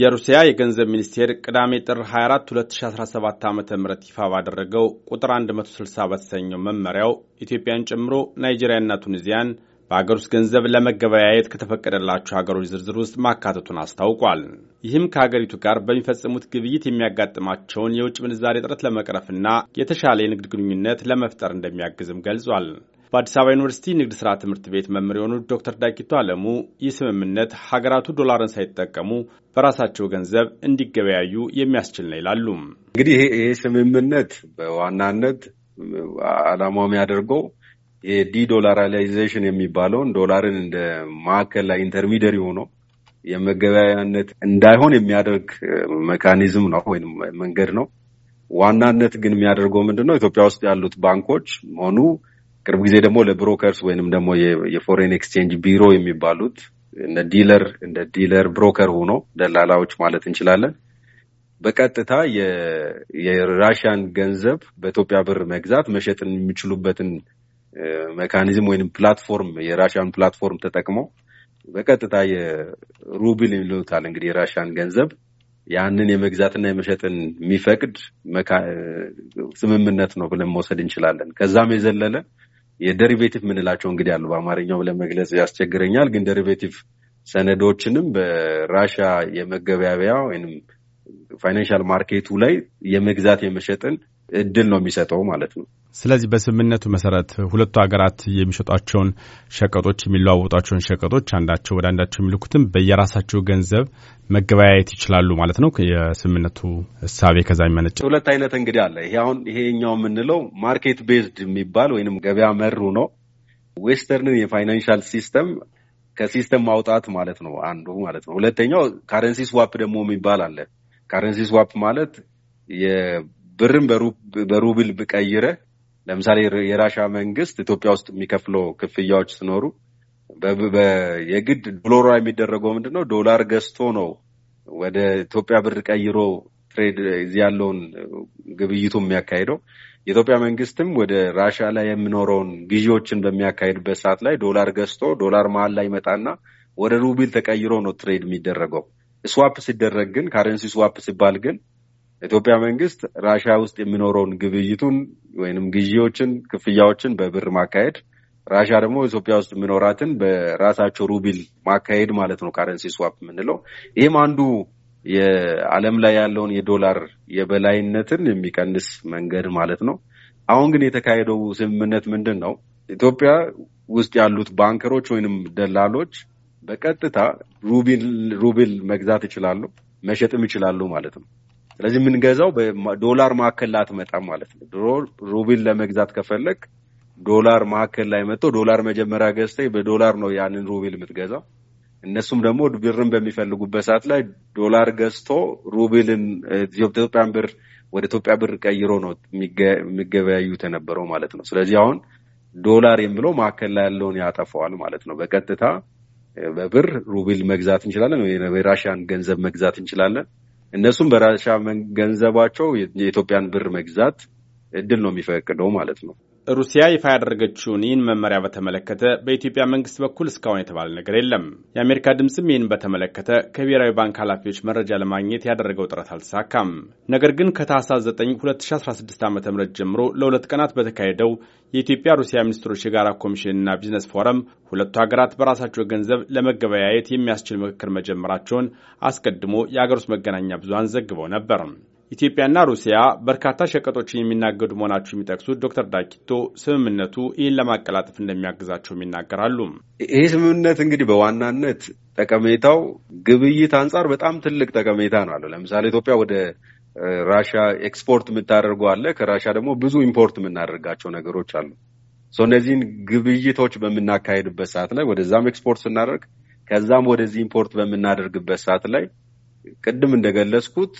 የሩሲያ የገንዘብ ሚኒስቴር ቅዳሜ ጥር 24 2017 ዓ ም ይፋ ባደረገው ቁጥር 160 በተሰኘው መመሪያው ኢትዮጵያን ጨምሮ ናይጄሪያና ቱኒዚያን በአገር ውስጥ ገንዘብ ለመገበያየት ከተፈቀደላቸው ሀገሮች ዝርዝር ውስጥ ማካተቱን አስታውቋል። ይህም ከሀገሪቱ ጋር በሚፈጽሙት ግብይት የሚያጋጥማቸውን የውጭ ምንዛሬ እጥረት ለመቅረፍና የተሻለ የንግድ ግንኙነት ለመፍጠር እንደሚያግዝም ገልጿል። በአዲስ አበባ ዩኒቨርሲቲ ንግድ ሥራ ትምህርት ቤት መምህር የሆኑት ዶክተር ዳኪቶ አለሙ ይህ ስምምነት ሀገራቱ ዶላርን ሳይጠቀሙ በራሳቸው ገንዘብ እንዲገበያዩ የሚያስችል ነው ይላሉ። እንግዲህ ይሄ ስምምነት በዋናነት አላማው የሚያደርገው የዲዶላራላይዜሽን የሚባለውን ዶላርን እንደ ማዕከል ላይ ኢንተርሚደሪ ሆኖ የመገበያያነት እንዳይሆን የሚያደርግ ሜካኒዝም ነው ወይም መንገድ ነው። ዋናነት ግን የሚያደርገው ምንድን ነው? ኢትዮጵያ ውስጥ ያሉት ባንኮች ሆኑ ቅርብ ጊዜ ደግሞ ለብሮከርስ ወይንም ደግሞ የፎሬን ኤክስቼንጅ ቢሮ የሚባሉት እንደ ዲለር እንደ ዲለር ብሮከር ሆኖ ደላላዎች ማለት እንችላለን በቀጥታ የራሽያን ገንዘብ በኢትዮጵያ ብር መግዛት መሸጥን የሚችሉበትን መካኒዝም ወይም ፕላትፎርም የራሽያን ፕላትፎርም ተጠቅሞ በቀጥታ የሩብል ይሉታል እንግዲህ የራሽያን ገንዘብ ያንን የመግዛትና የመሸጥን የሚፈቅድ ስምምነት ነው ብለን መውሰድ እንችላለን። ከዛም የዘለለ የደሪቬቲቭ ምንላቸው እንግዲህ አሉ በአማርኛው ለመግለጽ ያስቸግረኛል። ግን ደሪቬቲቭ ሰነዶችንም በራሻ የመገበያበያ ወይም ፋይናንሻል ማርኬቱ ላይ የመግዛት የመሸጥን እድል ነው የሚሰጠው ማለት ነው። ስለዚህ በስምምነቱ መሰረት ሁለቱ ሀገራት የሚሸጧቸውን ሸቀጦች የሚለዋወጧቸውን ሸቀጦች አንዳቸው ወደ አንዳቸው የሚልኩትም በየራሳቸው ገንዘብ መገበያየት ይችላሉ ማለት ነው። የስምምነቱ እሳቤ ከዛ የሚመነጭ ሁለት አይነት እንግዲህ አለ። ይሄ አሁን ይሄኛው የምንለው ማርኬት ቤዝድ የሚባል ወይም ገበያ መሩ ነው። ዌስተርንን የፋይናንሻል ሲስተም ከሲስተም ማውጣት ማለት ነው አንዱ ማለት ነው። ሁለተኛው ካረንሲ ስዋፕ ደግሞ የሚባል አለ። ካረንሲ ስዋፕ ማለት ብርን በሩብል ብቀይረ ለምሳሌ የራሻ መንግስት ኢትዮጵያ ውስጥ የሚከፍለው ክፍያዎች ሲኖሩ የግድ ዶሎሯ የሚደረገው ምንድን ነው? ዶላር ገዝቶ ነው ወደ ኢትዮጵያ ብር ቀይሮ ትሬድ እዚህ ያለውን ግብይቱ የሚያካሄደው የኢትዮጵያ መንግስትም ወደ ራሻ ላይ የሚኖረውን ግዢዎችን በሚያካሄድበት ሰዓት ላይ ዶላር ገዝቶ ዶላር መሀል ላይ ይመጣና ወደ ሩብል ተቀይሮ ነው ትሬድ የሚደረገው። ስዋፕ ሲደረግ ግን ካረንሲ ስዋፕ ሲባል ግን ኢትዮጵያ መንግስት ራሽያ ውስጥ የሚኖረውን ግብይቱን ወይንም ግዢዎችን፣ ክፍያዎችን በብር ማካሄድ ራሽያ ደግሞ ኢትዮጵያ ውስጥ የሚኖራትን በራሳቸው ሩብል ማካሄድ ማለት ነው፣ ካረንሲ ስዋፕ የምንለው ይህም አንዱ የዓለም ላይ ያለውን የዶላር የበላይነትን የሚቀንስ መንገድ ማለት ነው። አሁን ግን የተካሄደው ስምምነት ምንድን ነው? ኢትዮጵያ ውስጥ ያሉት ባንከሮች ወይንም ደላሎች በቀጥታ ሩብል መግዛት ይችላሉ፣ መሸጥም ይችላሉ ማለት ነው። ስለዚህ የምንገዛው በዶላር ማዕከል ላትመጣ ማለት ነው። ድሮ ሩቢን ለመግዛት ከፈለግ ዶላር ማዕከል ላይ መጥቶ ዶላር መጀመሪያ ገዝተኝ በዶላር ነው ያንን ሩቢል የምትገዛው። እነሱም ደግሞ ብርን በሚፈልጉበት ሰዓት ላይ ዶላር ገዝቶ ሩቢልን ኢትዮጵያን ብር ወደ ኢትዮጵያ ብር ቀይሮ ነው የሚገበያዩት የነበረው ማለት ነው። ስለዚህ አሁን ዶላር የምለው ማዕከል ላይ ያለውን ያጠፈዋል ማለት ነው። በቀጥታ በብር ሩቢል መግዛት እንችላለን ወይ የራሽያን ገንዘብ መግዛት እንችላለን። እነሱም በራሻ ገንዘባቸው የኢትዮጵያን ብር መግዛት እድል ነው የሚፈቅደው ማለት ነው። ሩሲያ ይፋ ያደረገችውን ይህን መመሪያ በተመለከተ በኢትዮጵያ መንግስት በኩል እስካሁን የተባለ ነገር የለም። የአሜሪካ ድምፅም ይህን በተመለከተ ከብሔራዊ ባንክ ኃላፊዎች መረጃ ለማግኘት ያደረገው ጥረት አልተሳካም። ነገር ግን ከታህሳስ 9 2016 ዓ ም ጀምሮ ለሁለት ቀናት በተካሄደው የኢትዮጵያ ሩሲያ ሚኒስትሮች የጋራ ኮሚሽንና ቢዝነስ ፎረም ሁለቱ ሀገራት በራሳቸው ገንዘብ ለመገበያየት የሚያስችል ምክክር መጀመራቸውን አስቀድሞ የአገር ውስጥ መገናኛ ብዙሀን ዘግበው ነበር። ኢትዮጵያና ሩሲያ በርካታ ሸቀጦችን የሚናገዱ መሆናቸው የሚጠቅሱት ዶክተር ዳኪቶ ስምምነቱ ይህን ለማቀላጠፍ እንደሚያግዛቸውም ይናገራሉ። ይህ ስምምነት እንግዲህ በዋናነት ጠቀሜታው ግብይት አንጻር በጣም ትልቅ ጠቀሜታ ነው አለ። ለምሳሌ ኢትዮጵያ ወደ ራሻ ኤክስፖርት የምታደርገው አለ፣ ከራሻ ደግሞ ብዙ ኢምፖርት የምናደርጋቸው ነገሮች አሉ። እነዚህን ግብይቶች በምናካሄድበት ሰዓት ላይ ወደዛም ኤክስፖርት ስናደርግ ከዛም ወደዚህ ኢምፖርት በምናደርግበት ሰዓት ላይ ቅድም እንደገለጽኩት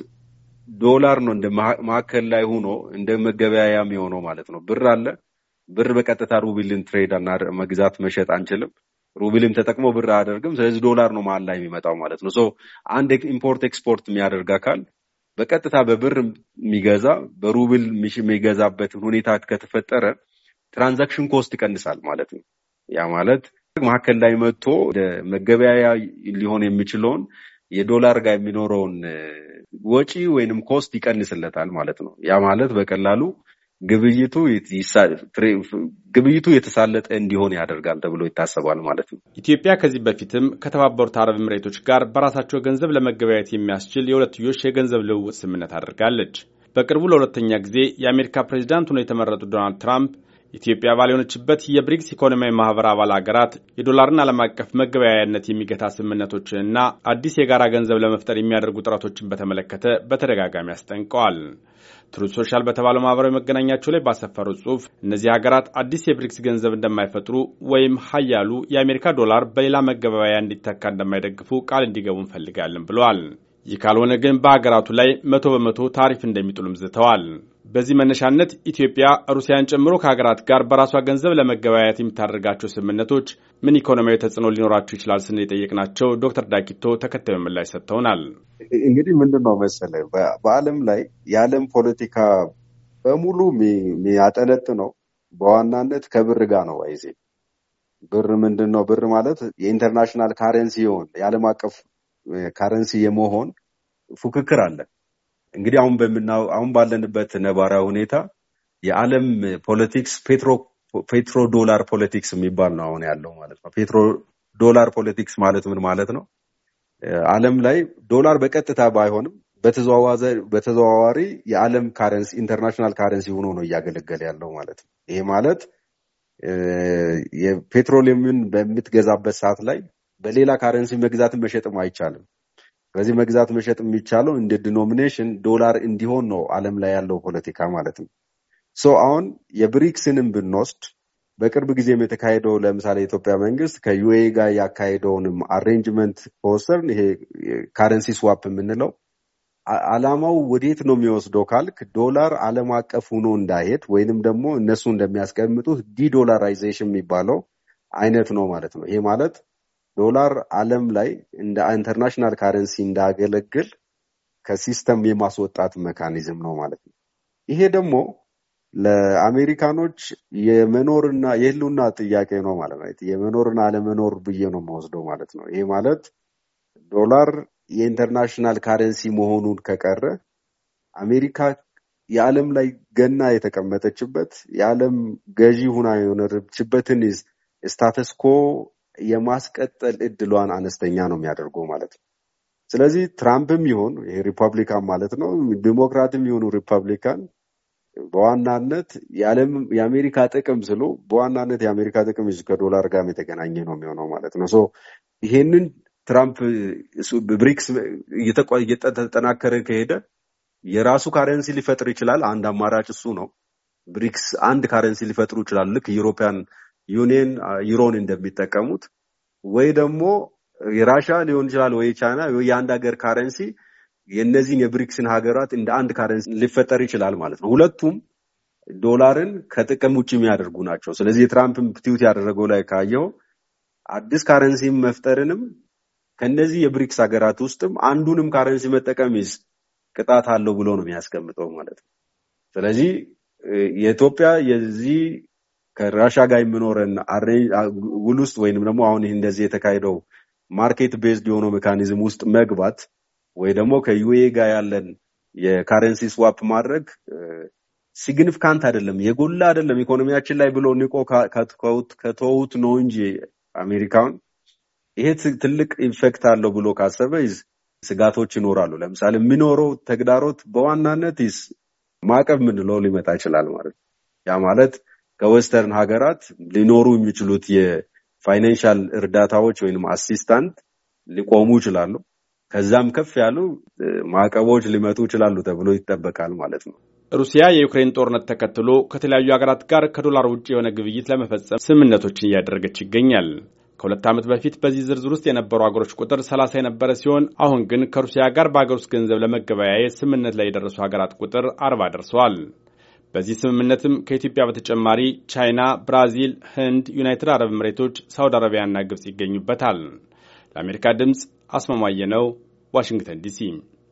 ዶላር ነው እንደ ማዕከል ላይ ሆኖ እንደ መገበያያም የሆነው ማለት ነው። ብር አለ። ብር በቀጥታ ሩብልን ትሬድ መግዛት መሸጥ አንችልም። ሩብልም ተጠቅሞ ብር አያደርግም። ስለዚህ ዶላር ነው መሀል ላይ የሚመጣው ማለት ነው። አንድ ኢምፖርት ኤክስፖርት የሚያደርግ አካል በቀጥታ በብር የሚገዛ በሩብል የሚገዛበትን ሁኔታ ከተፈጠረ ትራንዛክሽን ኮስት ይቀንሳል ማለት ነው። ያ ማለት መካከል ላይ መጥቶ ወደ መገበያያ ሊሆን የሚችለውን የዶላር ጋር የሚኖረውን ወጪ ወይንም ኮስት ይቀንስለታል ማለት ነው። ያ ማለት በቀላሉ ግብይቱ ግብይቱ የተሳለጠ እንዲሆን ያደርጋል ተብሎ ይታሰባል ማለት ነው። ኢትዮጵያ ከዚህ በፊትም ከተባበሩት አረብ ኤምሬቶች ጋር በራሳቸው ገንዘብ ለመገበያየት የሚያስችል የሁለትዮሽ የገንዘብ ልውውጥ ስምምነት አድርጋለች። በቅርቡ ለሁለተኛ ጊዜ የአሜሪካ ፕሬዚዳንት ሆነው የተመረጡት ዶናልድ ትራምፕ ኢትዮጵያ አባል የሆነችበት የብሪክስ ኢኮኖሚያዊ ማህበር አባል ሀገራት የዶላርን ዓለም አቀፍ መገበያያነት የሚገታ ስምምነቶችንና አዲስ የጋራ ገንዘብ ለመፍጠር የሚያደርጉ ጥረቶችን በተመለከተ በተደጋጋሚ አስጠንቀዋል። ትሩት ሶሻል በተባለው ማህበራዊ መገናኛቸው ላይ ባሰፈሩ ጽሑፍ እነዚህ ሀገራት አዲስ የብሪክስ ገንዘብ እንደማይፈጥሩ ወይም ሀያሉ የአሜሪካ ዶላር በሌላ መገበያያ እንዲተካ እንደማይደግፉ ቃል እንዲገቡ እንፈልጋለን ብለዋል። ይህ ካልሆነ ግን በሀገራቱ ላይ መቶ በመቶ ታሪፍ እንደሚጥሉም ዝተዋል። በዚህ መነሻነት ኢትዮጵያ ሩሲያን ጨምሮ ከሀገራት ጋር በራሷ ገንዘብ ለመገበያየት የምታደርጋቸው ስምምነቶች ምን ኢኮኖሚያዊ ተጽዕኖ ሊኖራቸው ይችላል ስንል የጠየቅናቸው ዶክተር ዳኪቶ ተከታዩ ምላሽ ሰጥተውናል። እንግዲህ ምንድን ነው መሰለ በዓለም ላይ የዓለም ፖለቲካ በሙሉ ነው በዋናነት ከብር ጋር ነው። ይዜ ብር ምንድን ነው? ብር ማለት የኢንተርናሽናል ካረንሲ የሆን የዓለም አቀፍ ካረንሲ የመሆን ፉክክር አለ። እንግዲህ አሁን በምና አሁን ባለንበት ነባራዊ ሁኔታ የዓለም ፖለቲክስ ፔትሮ ፔትሮ ዶላር ፖለቲክስ የሚባል ነው አሁን ያለው ማለት ነው። ፔትሮ ዶላር ፖለቲክስ ማለት ምን ማለት ነው? ዓለም ላይ ዶላር በቀጥታ ባይሆንም በተዘዋዋሪ የዓለም ካረንሲ ኢንተርናሽናል ካረንሲ ሆኖ ነው እያገለገለ ያለው ማለት ነው። ይሄ ማለት የፔትሮሊየምን በምትገዛበት ሰዓት ላይ በሌላ ካረንሲ መግዛትን መሸጥም አይቻልም። ስለዚህ መግዛት መሸጥ የሚቻለው እንደ ዲኖሚኔሽን ዶላር እንዲሆን ነው አለም ላይ ያለው ፖለቲካ ማለት ነው። ሶ አሁን የብሪክስንም ብንወስድ በቅርብ ጊዜም የተካሄደው ለምሳሌ የኢትዮጵያ መንግስት ከዩኤ ጋር ያካሄደውንም አሬንጅመንት ከወሰድን ይሄ ካረንሲ ስዋፕ የምንለው አላማው ወዴት ነው የሚወስደው ካልክ ዶላር አለም አቀፍ ሆኖ እንዳይሄድ ወይንም ደግሞ እነሱ እንደሚያስቀምጡት ዲዶላራይዜሽን የሚባለው አይነት ነው ማለት ነው። ይሄ ማለት ዶላር ዓለም ላይ እንደ ኢንተርናሽናል ካረንሲ እንዳገለግል ከሲስተም የማስወጣት መካኒዝም ነው ማለት ነው። ይሄ ደግሞ ለአሜሪካኖች የመኖርና የህልውና ጥያቄ ነው ማለት ነው። የመኖርና አለመኖር ብዬ ነው የምወስደው ማለት ነው። ይሄ ማለት ዶላር የኢንተርናሽናል ካረንሲ መሆኑን ከቀረ አሜሪካ የዓለም ላይ ገና የተቀመጠችበት የዓለም ገዢ ሁና የሆነችበትን ስታተስኮ የማስቀጠል እድሏን አነስተኛ ነው የሚያደርገው ማለት ነው። ስለዚህ ትራምፕም ይሁን ይሄ ሪፐብሊካን ማለት ነው፣ ዲሞክራትም ይሁኑ ሪፐብሊካን በዋናነት የአሜሪካ ጥቅም ስሉ በዋናነት የአሜሪካ ጥቅም ከዶላር ጋር የተገናኘ ነው የሚሆነው ማለት ነው። ሶ ይሄንን ትራምፕ ብሪክስ እየተጠናከረ ከሄደ የራሱ ካረንሲ ሊፈጥር ይችላል። አንድ አማራጭ እሱ ነው። ብሪክስ አንድ ካረንሲ ሊፈጥሩ ይችላሉ። ልክ ዩሮፒያን ዩኒየን ዩሮን እንደሚጠቀሙት ወይ ደግሞ የራሻ ሊሆን ይችላል ወይ ቻይና ወይ የአንድ ሀገር ካረንሲ የእነዚህን የብሪክስን ሀገራት እንደ አንድ ካረንሲ ሊፈጠር ይችላል ማለት ነው። ሁለቱም ዶላርን ከጥቅም ውጭ የሚያደርጉ ናቸው። ስለዚህ የትራምፕን ትዊት ያደረገው ላይ ካየው አዲስ ካረንሲ መፍጠርንም ከነዚህ የብሪክስ ሀገራት ውስጥም አንዱንም ካረንሲ መጠቀም ቅጣት አለው ብሎ ነው የሚያስቀምጠው ማለት ነው። ስለዚህ የኢትዮጵያ የዚህ ከራሻ ጋር የሚኖረን ውል ውስጥ ወይንም ደግሞ አሁን ይህ እንደዚህ የተካሄደው ማርኬት ቤዝድ የሆነው ሜካኒዝም ውስጥ መግባት ወይ ደግሞ ከዩኤ ጋር ያለን የካረንሲ ስዋፕ ማድረግ ሲግኒፊካንት አይደለም፣ የጎላ አይደለም ኢኮኖሚያችን ላይ ብሎ ንቆ ከተውት ነው እንጂ አሜሪካን ይሄ ትልቅ ኢንፌክት አለው ብሎ ካሰበ ስጋቶች ይኖራሉ። ለምሳሌ የሚኖረው ተግዳሮት በዋናነት ማዕቀብ ምንለው ሊመጣ ይችላል ማለት ያ ማለት ከዌስተርን ሀገራት ሊኖሩ የሚችሉት የፋይናንሻል እርዳታዎች ወይም አሲስታንት ሊቆሙ ይችላሉ። ከዛም ከፍ ያሉ ማዕቀቦች ሊመጡ ይችላሉ ተብሎ ይጠበቃል ማለት ነው። ሩሲያ የዩክሬን ጦርነት ተከትሎ ከተለያዩ ሀገራት ጋር ከዶላር ውጭ የሆነ ግብይት ለመፈጸም ስምምነቶችን እያደረገች ይገኛል። ከሁለት ዓመት በፊት በዚህ ዝርዝር ውስጥ የነበሩ ሀገሮች ቁጥር ሰላሳ የነበረ ሲሆን አሁን ግን ከሩሲያ ጋር በሀገር ውስጥ ገንዘብ ለመገበያየት ስምምነት ላይ የደረሱ ሀገራት ቁጥር አርባ ደርሰዋል። በዚህ ስምምነትም ከኢትዮጵያ በተጨማሪ ቻይና፣ ብራዚል፣ ህንድ፣ ዩናይትድ አረብ ኤምሬቶች፣ ሳውዲ አረቢያና ግብፅ ይገኙበታል። ለአሜሪካ ድምፅ አስማማየ ነው፣ ዋሽንግተን ዲሲ